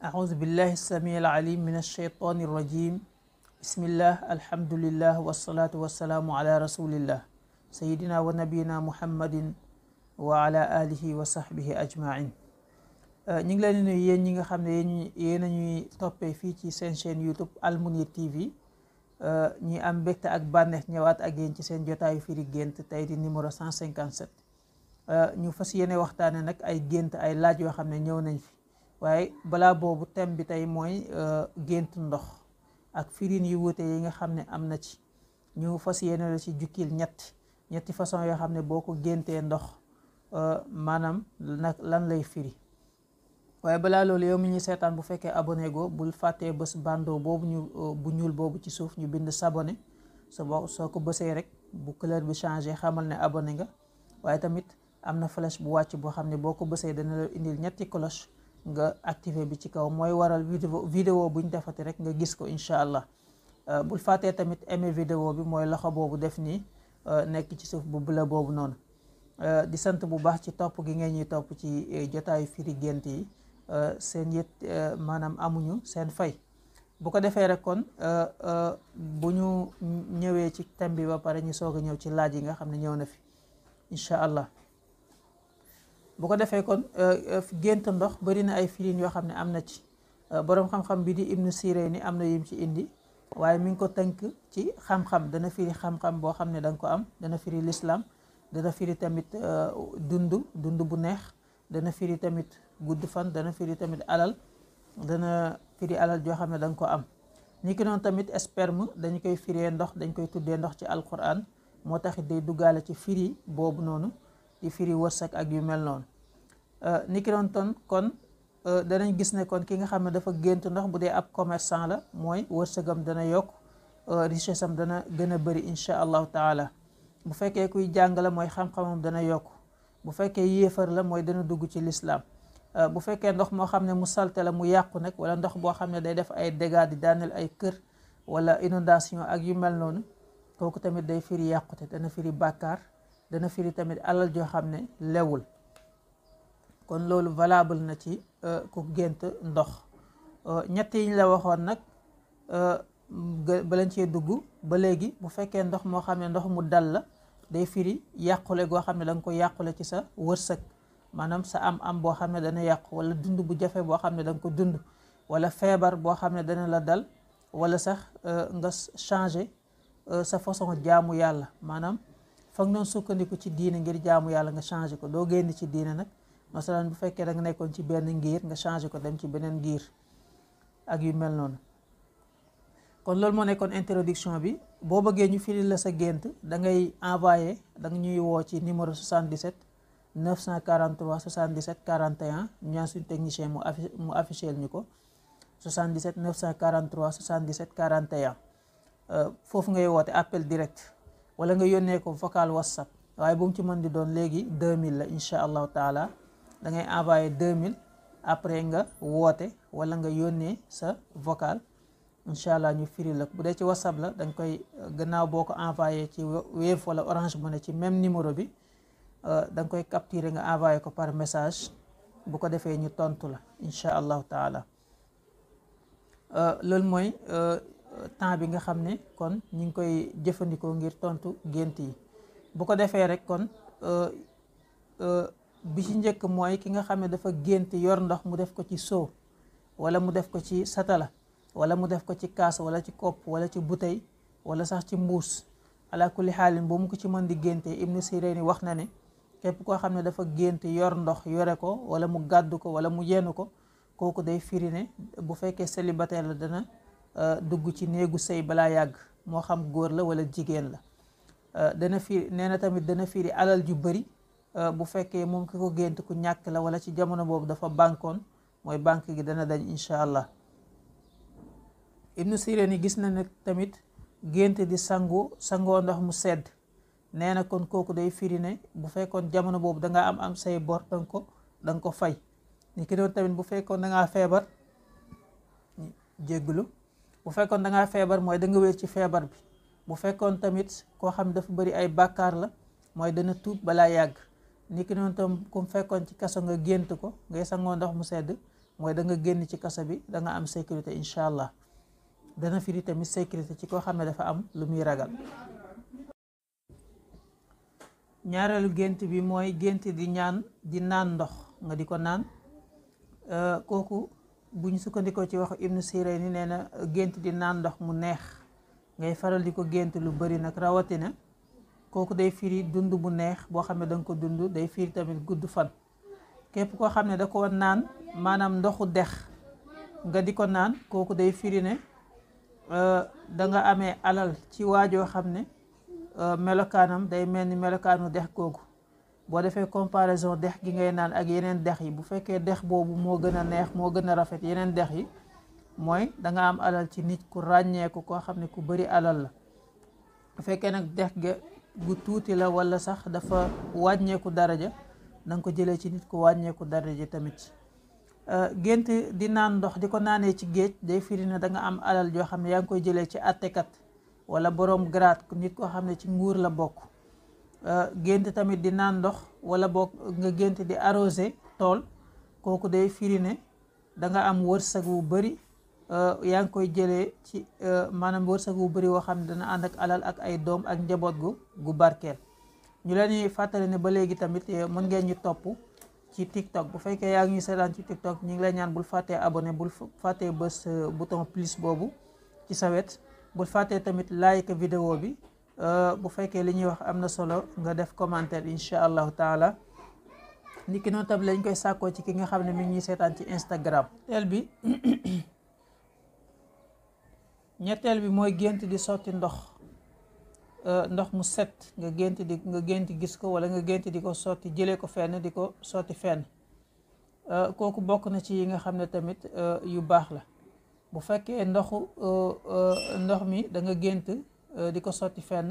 أعوذ بالله السميع العليم من الشيطان الرجيم بسم الله الحمد لله والصلاة والسلام على رسول الله سيدنا ونبينا محمد وعلى آله وصحبه أجمعين ñu ngi leen di yéen ñi nga xam ne yéen ñuy toppee fii ci seen chaîne YouTube Almounir TV euh, ñi am mbégte ak bànneex ñëwaat ak yéen ci seen jotaayu fiiri gént tey di numéro 157 euh, ñu fas yéene waxtaane nag ay gént ay laaj yoo xam ne ñëw nañ fi waaye balaa boobu thème bi tey mooy euh, gént ndox ak firin yu wuute yi nga xam ne am na ci ñu fas yéene la ci jukkil ñetti ñetti façon yoo xam ne boo ko géntee ndox euh, maanaam nag lan lay firi waaye balaa loolu yow mi ñuy seetaan bu fekkee abonné go bul fàttee bés bandoo boobu ñu euh, bu ñuul boobu ci suuf ñu bind s'abonner soo soo ko bësee rek bu couleur bi changé xamal ne abonné nga waaye tamit am na flèche bu wàcc boo xam ne boo ko bësee dana la indil ñetti cloche nga activé bi ci kaw mooy waral vidéo vidéo buñ defati rek nga gis ko incha allah euh, bul fàttee tamit aimé vidéo bi mooy loxo boobu def nii euh, nekk ci suuf bu bula boobu noonu euh, di sant bu baax ci topp gi ngeen ñuy topp ci jotaayu firi gént yi seen yët maanaam amuñu seen fay bu ko defee rek kon bu ñu ñëwee ci thème bi ba pare ñu soog a ñëw ci laaj yi nga xam ne ñëw na fi incha allah bu ko defee kon euh, euh, gént ndox bari na ay firin yoo xam ne am na ci euh, boroom xam-xam bi di ibnu Siréni am na yim ci indi waaye mi ngi ko tënk ci xam-xam dana firi xam-xam boo xam ne danga ko am dana firi l'islam dana firi tamit dund dund bu neex dana firi tamit gudd fan dana firi tamit alal dana firi alal joo xam ne danga ko am ni ki noonu tamit sperme dañu koy firee ndox dañ koy tuddee ndox ci alquran moo taxit day duggaale ci firi boobu noonu di firi wërsëg ak yu mel noonu niki doon ton kon danañ gis ne kon ki nga xam ne dafa gént ndox bu dee ab commerçant la mooy wërsëgam dana yokk richesse am dana gën a bëri incha allahu taala bu fekkee kuy jàng la mooy xam-xamam dana yokk bu fekkee yéefar la mooy dana dugg ci lislaam bu fekkee ndox moo xam ne mu salte la mu yàqu nag wala ndox boo xam ne day def ay dégâts di daaneel ay kër wala inondation ak yu mel noonu kooku tamit day firi yàqute dana firi bàkkaar dana firi tamit alal joo xam ne lewul kon loolu valable na ci euh, ku gént ndox euh, ñett yiñ la waxoon nag euh, balañ cee dugg ba léegi bu fekkee ndox moo xam ne ndox mu dal la day firi yàqule goo xam ne danga ko yàqule ci sa wërsëg maanaam sa am am boo xam ne dana yàqu wala dund bu jafe boo xam ne danga ko dund wala feebar boo xam ne dana la dal wala sax nga changer sa façon jaamu yàlla maanaam foog noonu sukkandiku ci diine ngir jaamu yàlla nga changer ko doo génn ci diine nag masalan bu fekkee da nga nekkoon ci benn ngir nga changé ko dem ci beneen ngir ak yu mel noonu kon loolu moo nekkoon introduction bi boo bëggee ñu firi la sa gént da ngay envoyé da nga ñuy woo ci numéro 77 943 77 41 ñu ñaan suñu technicien mu affi mu affiché ñu ko 77 943 77 41 foofu ngay woote appel direct wala nga yónnee ko vocal whatsapp waaye bu mu ci mën di doon léegi 2000 la incha allahu taala. da ngay envoyé 2000 après nga woote wala nga yónnee sa vocal incha allah ñu firi la bu dee ci whatsapp la dañ koy gannaaw boo ko envoyé ci Wave wala Orange Money ci même numéro bi euh, da nga koy capturer nga envoyé ko par message bu ko defee ñu tontu la incha allahu taala euh, loolu mooy euh, temps bi nga xam ne kon ñu ngi koy jëfandikoo ngir tontu gént yi bu ko defee rek kon bi ci njëkk mooy ki nga xam ne dafa gént yor ndox mu def ko ci soow wala mu def ko ci satala wala mu def ko ci kaas wala ci kopp wala ci bouteille wala sax ci mbuus ala kulli xaalin bu mu ko ci mën di génte ibnu sirayni wax na ne képp koo xam ne dafa gént yor ndox yore ko wala mu gàddu ko wala mu yenn ko kooku day firi bu fekkee célibataire la dana euh, dugg ci néegu sëy balaa yàgg moo xam góor la wala jigéen la euh, dana firi nee na tamit dana firi alal ju bëri Eh, bu fekke mom kiko gënt ku ñak la wala ci jamono bobu dafa bankon moy bank gi dana dañ inshallah allah ibnu siréen gis na nak tamit gënt di sangu sango ndox mu sedd neena kon koku day firine bu fekkon jamono da danga am am say bor danga ko dang ko fay ni ki doon tamit bu da nga febar jégglu bu nga febar moy da nga wër ci febar bi bu fekkon tamit ko xam dafa bari ay bàkkaar la moy dana bala niki non tam kum fekkon ci kasso nga gentu ko ngay sangoo ndox mu sedd moy da nga genn ci kasso bi da nga am sécurité Inshallah, allah dana firi tamit sécurité ci ko xamne dafa am lu muy ragal ñaareelu gentu bi moy gentu di ñaan di naan ndox nga di ko euh koku buñ sukkandiko ci wax ibnu siré ni neena gentu di naan ndox mu neex ngay faral di ko lu bari rawati na kooku day firi dund bu neex boo xam ne danga ko dund day firi tamit gudd fan képp koo xam ne da ko naan maanaam ndoxu dex nga di ko naan kooku day firi ne euh, da nga amee alal ci waajoo xam ne euh, melokaanam day mel ni melokaanu dex googu boo defee comparaison dex gi ngay naan ak yeneen dex yi bu fekkee dex boobu moo gën a neex moo gën a rafet yeneen dex yi mooy da nga am alal ci nit ku ràññeeku koo xam ne ku bëri alal la fekkee nag dex ga gu tuuti la wala sax dafa wàññeeku daraja na nga ko jëlee ci nit ku wàññeeku daraja tamit euh, gént di naan ndox di ko naanee ci géej day firine danga am alal joo xam ne yaa ngi koy jëlee ci àttekat wala borom grade nit koo xam ne ci nguur la bokk euh, gént tamit di naan ndox wala bokk nga gént di arrosé tool kooku day firi ne da nga am wërsëg wu bari Euh, yaa ngi koy jëlee ci euh, maanaam wërsëg wu bëri woo xam ne dana ànd ak alal ak ay doom ak njaboot gu gu barkeel ñu leen di fàttali ne ba léegi tamit euh, mën ngeen ñu topp ci TikTok bu fekkee yaa ngi ñu seetaan ci TikTok ñu ngi lay ñaan bul fàttee abonné bul fàttee bës bouton plus boobu ci sa wet bul fàttee tamit like vidéo bi bu fekkee li ñuy wax am na solo nga def commentaire incha allahu taala niki noonu tamit lañ koy sàkkoo ci ki nga xam ne mi ngi ñuy seetaan ci Instagram el bi ñetteel bi mooy gént di sotti ndox euh, ndox mu set nga gént di nga gént gis ko wala nga gént di ko sotti jëlee ko fenn di ko sotti fenn euh, kooku bokk na ci yi nga xam ne tamit euh, yu baax la bu fekkee ndoxu ndox mi da gént di ko sotti fenn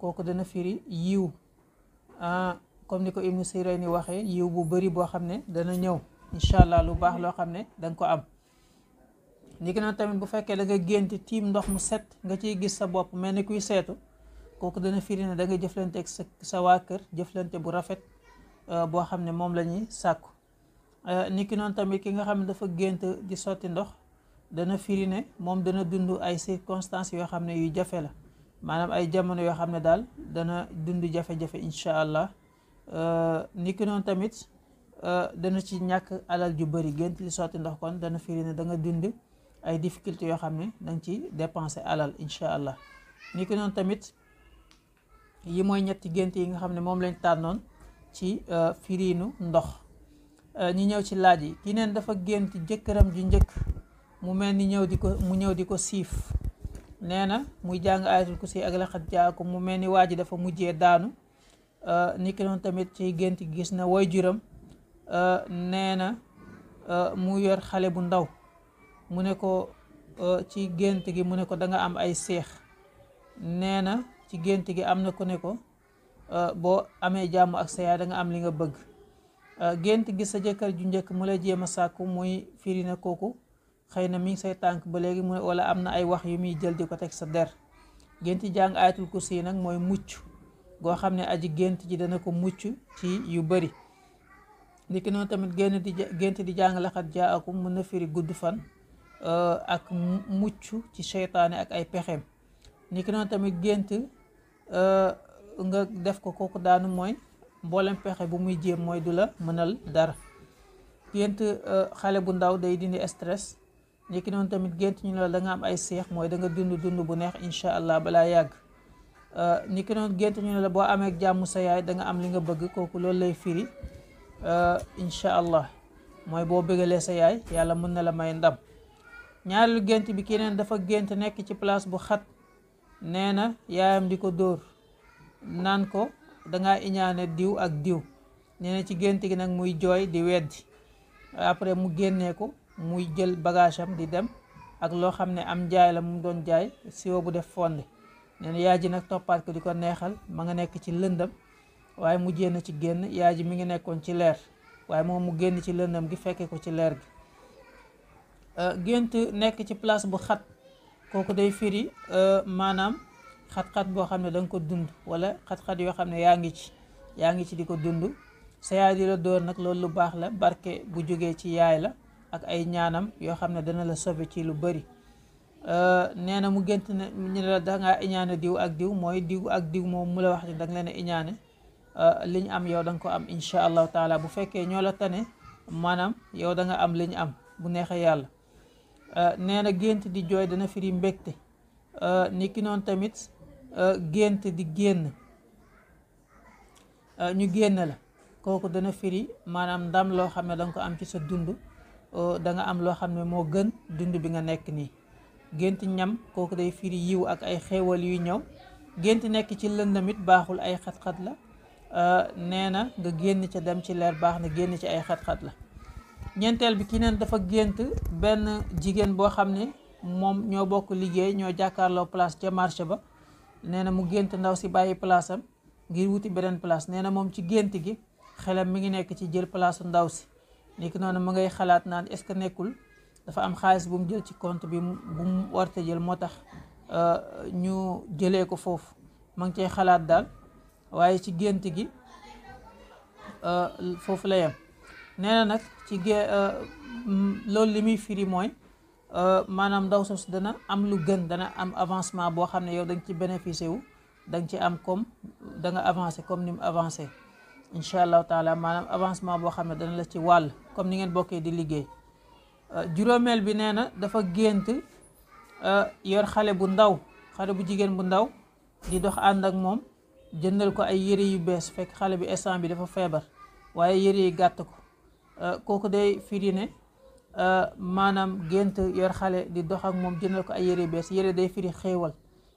kooku dana firi yiw ah, comme ni ko im si Ibnu ni waxee yiw bu bëri boo xam ne dana ñëw incha allah lu baax loo xam ne danga ko am ni na tamit bu fekke da nga genti tim ndox mu set nga ci gis sa bop melni kuy setu koku dana firi ne da nga jeflante ak sa wa keur jeflante bu rafet euh, bo xamne mom lañuy sakku ñuy euh, non tamit ki nga xamne dafa di soti ndox dana firi ne dana dundu ay circonstances yo xamne yu jafé la manam ay jamono yo xamne dal dana dundu jafe-jafe inshallah allah euh, ni tamit dana ci ñak alal ju bari gént li soti ndox kon dana firi ne da nga dundu ay difficultés yoo xam ne danga ci dépenser alal incha allah ni ko noonu tamit yi mooy ñetti gént yi nga xam ne moom lañ tànnoon ci euh, firiinu ndox euh, ñi ñëw ci laaj yi ki neen dafa gént jëkkëram ju njëkk mu mel ni ñëw di ko mu ñëw di ko siif nee na muy jàng ayatul kursi ak laqad jaakum mu mel ni waa ji dafa mujjee daanu euh, ni ki noonu tamit ci gént gis na woy juram nee na mu yor xale bu ndaw Muneko ne ko eh, ci genti gi mu ne ko da nga am ay seex neena ci genti gi am ko ku ne ko eh, boo amee jàmm ak sa yaay da nga am li nga bëgg eh, genti gi sa jëkkal ju ñëk mu lay jema a muy firina koku xeyna mi say tank ba mu wala amna ay wax yu mi jël di ko sa der genti jang ayatul kursi nak moy muccu go xamne aji genti ji dana ko yubari, ci yu bari ndiki noonu tamit genti di genti di akum na firi gudd fan Euh, ak mucc ci seytaane ak ay pexeem ni tamit gént euh, nga def ko kooku daanu mooy mboolem pexe bu muy jéem mooy du la mënal dara gént euh, xale bu ndaw day dindi stress ni ki tamit gént ñu ne da nga am ay seex mooy da nga dund dund bu neex incha allah balaa yàgg ni ki noonu gént ñu ne la boo amee jàmm sa yaay da nga am li nga bëgg kooku loolu lay firi incha allah mooy boo bëggalee sa yaay yàlla mën na la may ndam ñaareelu gént bi keneen dafa gént nekk ci place bu xat nee na yaayam di ko dóor naan ko danga iñaane diw ak diw nee ci gént gi nag muy jooy di weddi après mu génnee ko muy jël bagage am di dem ak loo xam ne am njaay la mu doon jaay siwo bu def fonde nee na yaay ji nag toppaat ko di ko neexal ma nga nekk ci lëndam waaye mu génn ci génn yaay ji mi ngi nekkoon ci leer waaye moom mu génn ci lëndam gi fekke ko ci leer gi Eh, gént nek ci place bu xat koku day firi eh, manam, xat-xat boo xam ne da ko dund wala xat-xat yo xamne ne ci yaangi ci di dund sayadi la dóor nak loolu lu bax la barke bu joge ci yaay la ak ay ñaanam yo xamne ne dana la sobe ci lu bari euh na mu gént ne ñu da nga dangaa iñaane diw ak diw moy diw ak diw mom mu la wax ni danga leena iñaane eh, li am yow dang ko am insha taala bu fekke ñoo la tane manam yow nga am liñ am bu nexe yalla Euh, nee na gént di jooy dana firi mbégte euh, ni ki noonu tamit euh, gént di génn ñu génn la kooku dana firi maanaam ndam loo xam ne danga ko am ci sa dund da nga am loo xam ne moo gën dund bi nga nekk nii gént ñam kooku day firi yiw ak ay xéewal yu ñëw gént nekk ci lëndamit baaxul ay xat-xat la nee na nga génn ca dem ci leer baax na génn ci ay xat-xat la ñeenteel bi ki neen dafa gént benn jigéen boo xam ne moom ñoo bokk liggéey ñoo jàkkaarloo place ca marché ba nee na mu gént ndaw si bàyyi place ngir wuti beneen place nee na moom ci gént gi xelam mi ngi nekk ci jël place ndaw si nekk noonu mu ngay xalaat naan est-ce que nekkul dafa am xaalis bu mu jël ci compte bi bu mu warte jël moo tax euh, ñu jëlee ko foofu ma ngi cay xalaat daal waaye ci gént gi euh, foofu la yem nee na nag ci ge euh, loolu li muy firi mooy euh, maanaam ndaw sos dana am lu gën dana am avancement boo xam ne yow danga ci bénéficier wu danga ci am comme da nga avancé comme ni mu avancé incha allah taala maanaam avancement boo xam ne dana la ci wàll comme ni ngeen bokkee di liggéey euh, juróomeel bi nee na dafa gént yor xale bu ndaw xale bu jigéen bu ndaw di dox ànd ak moom jëndal ko ay yére yu bees fekk xale bi instant bi dafa feebar waaye yëre yi gàtt ko Euh, kooku day firi ne euh, maanaam gént yor xale di doxak moom jëndal ko ay yére bees yére day firi xéewal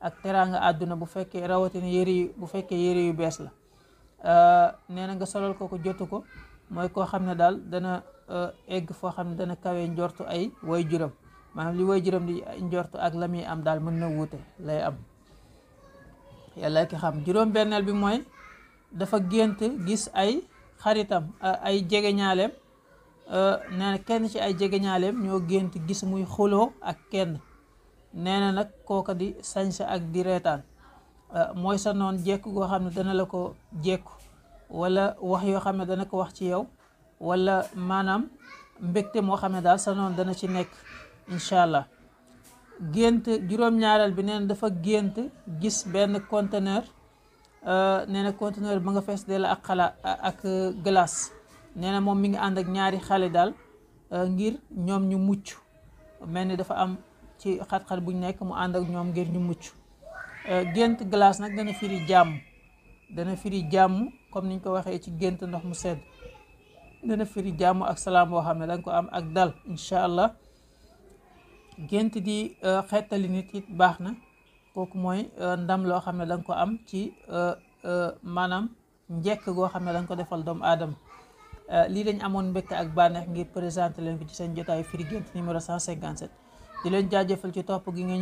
ak teraanga àdduna bu fekkee rawatina yére yu bu fekkee yére yu bees la euh, nee na nga solal ko ko jotu ko mooy koo xam ne daal dana egg foo xam ne dana kawe njortu ay way juram maanaam li way juram di njortu ak la muy am daal mën na wuute lay am yàlla ki xam juróom benneel bi mooy dafa gént gis ay xaritam ay jege ñaaleem Eh, nee na kenn ci ay jegeñaaleem ñoo gént gis muy xuloo ak kenn nee na nag kooka di sañsa ak di reetaan eh, mooy sa noon jekk goo xam ne dana la ko jekku walla wax yoo xam ne dana ko wax ci yow walla maanaam mbégte moo xam ne daal sa noon dana ci nekk incha allah gént juróom-ñaareel bi nee dafa gént gis benn conteneur eh, nee na conteneur ba nga fees dell ak xalaat ak glace nee mom mi ngi and ak ñaari xalé dal euh, ngir ñom ñu mucc melni dafa am ci xat-xat buñ nek mu and ak ñom ngir ñu mucc euh, gënt glace nag dana firi jamm dana firi jamm comme niñ ko waxee ci gënt ndox mu sedd dana firi jamm ak salam bo xam dang ko am ak dal inshallah gënt di euh, xétali nit it baxna kok moy ndam lo xam dang ko am ci manam, njekk go xam dang ko defal dom adam Eh, li lañ amone mbekté ak banex ngir présenter leen ko ci sen jotaayu frigent numéro 157 di leen jajeufal ci top gi nga